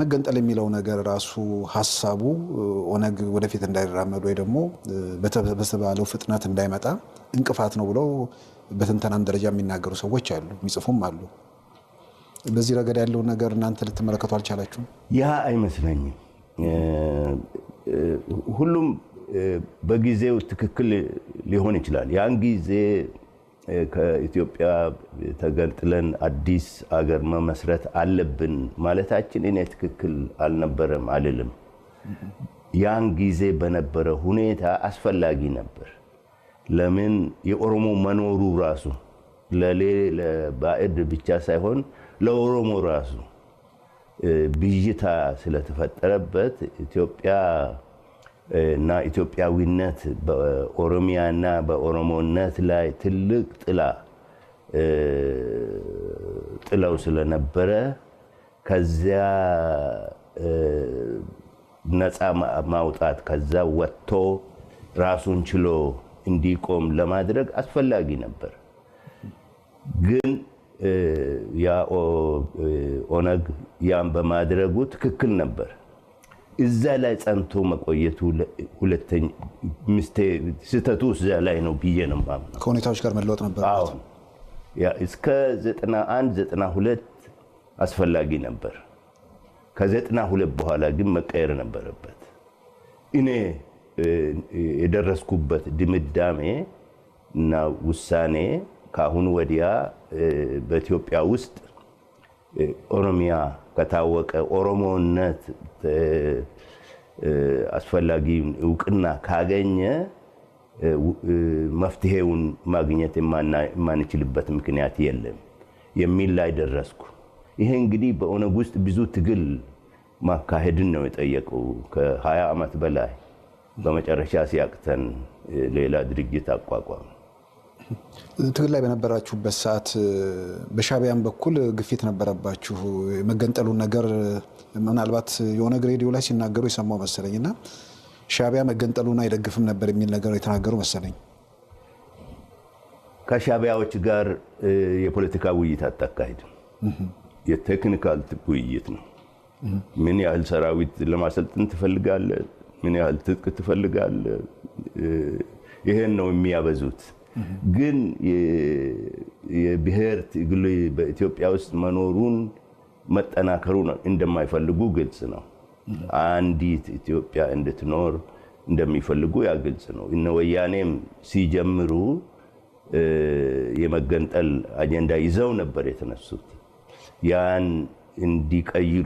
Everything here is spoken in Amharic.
መገንጠል የሚለው ነገር ራሱ ሀሳቡ ኦነግ ወደፊት እንዳይራመድ ወይ ደግሞ በተባለው ፍጥነት እንዳይመጣ እንቅፋት ነው ብለው በትንተናም ደረጃ የሚናገሩ ሰዎች አሉ፣ የሚጽፉም አሉ። በዚህ ረገድ ያለው ነገር እናንተ ልትመለከቱ አልቻላችሁም? ያ አይመስለኝም። ሁሉም በጊዜው ትክክል ሊሆን ይችላል። ያን ጊዜ ከኢትዮጵያ ተገልጥለን አዲስ አገር መመስረት አለብን ማለታችን እኔ ትክክል አልነበረም አልልም። ያን ጊዜ በነበረ ሁኔታ አስፈላጊ ነበር። ለምን የኦሮሞ መኖሩ ራሱ ለባዕድ ብቻ ሳይሆን ለኦሮሞ ራሱ ብዥታ ስለተፈጠረበት ኢትዮጵያ እና ኢትዮጵያዊነት በኦሮሚያና በኦሮሞነት ላይ ትልቅ ጥላ ጥለው ስለነበረ ከዚያ ነፃ ማውጣት ከዛ ወጥቶ ራሱን ችሎ እንዲቆም ለማድረግ አስፈላጊ ነበር። ግን ያ ኦነግ በማድረጉ ትክክል ነበር። እዛ ላይ ጸንቶ መቆየቱ ሁለተኛ ስህተቱ እዛ ላይ ነው ብዬ ነው የማምነው። ከሁኔታዎች ጋር መለወጥ ነበር። እስከ 91 92 አስፈላጊ ነበር። ከ92 በኋላ ግን መቀየር ነበረበት። እኔ የደረስኩበት ድምዳሜ እና ውሳኔ ከአሁን ወዲያ በኢትዮጵያ ውስጥ ኦሮሚያ ከታወቀ ኦሮሞነት አስፈላጊውን እውቅና ካገኘ መፍትሄውን ማግኘት የማንችልበት ምክንያት የለም የሚል ላይ ደረስኩ። ይሄ እንግዲህ በኦነግ ውስጥ ብዙ ትግል ማካሄድን ነው የጠየቀው ከ20 ዓመት በላይ በመጨረሻ ሲያቅተን ሌላ ድርጅት አቋቋም ትግል ላይ በነበራችሁበት ሰዓት በሻቢያን በኩል ግፊት ነበረባችሁ። የመገንጠሉን ነገር ምናልባት የሆነ ሬዲዮ ላይ ሲናገሩ የሰማው መሰለኝ እና ሻቢያ መገንጠሉን አይደግፍም ነበር የሚል ነገር የተናገሩ መሰለኝ። ከሻቢያዎች ጋር የፖለቲካ ውይይት አታካሂድም። የቴክኒካል ውይይት ነው። ምን ያህል ሰራዊት ለማሰልጥን ትፈልጋለ? ምን ያህል ትጥቅ ትፈልጋለ? ይሄን ነው የሚያበዙት። ግን የብሔር ትግል በኢትዮጵያ ውስጥ መኖሩን መጠናከሩ እንደማይፈልጉ ግልጽ ነው። አንዲት ኢትዮጵያ እንድትኖር እንደሚፈልጉ ያ ግልጽ ነው። እነ ወያኔም ሲጀምሩ የመገንጠል አጀንዳ ይዘው ነበር የተነሱት። ያን እንዲቀይሩ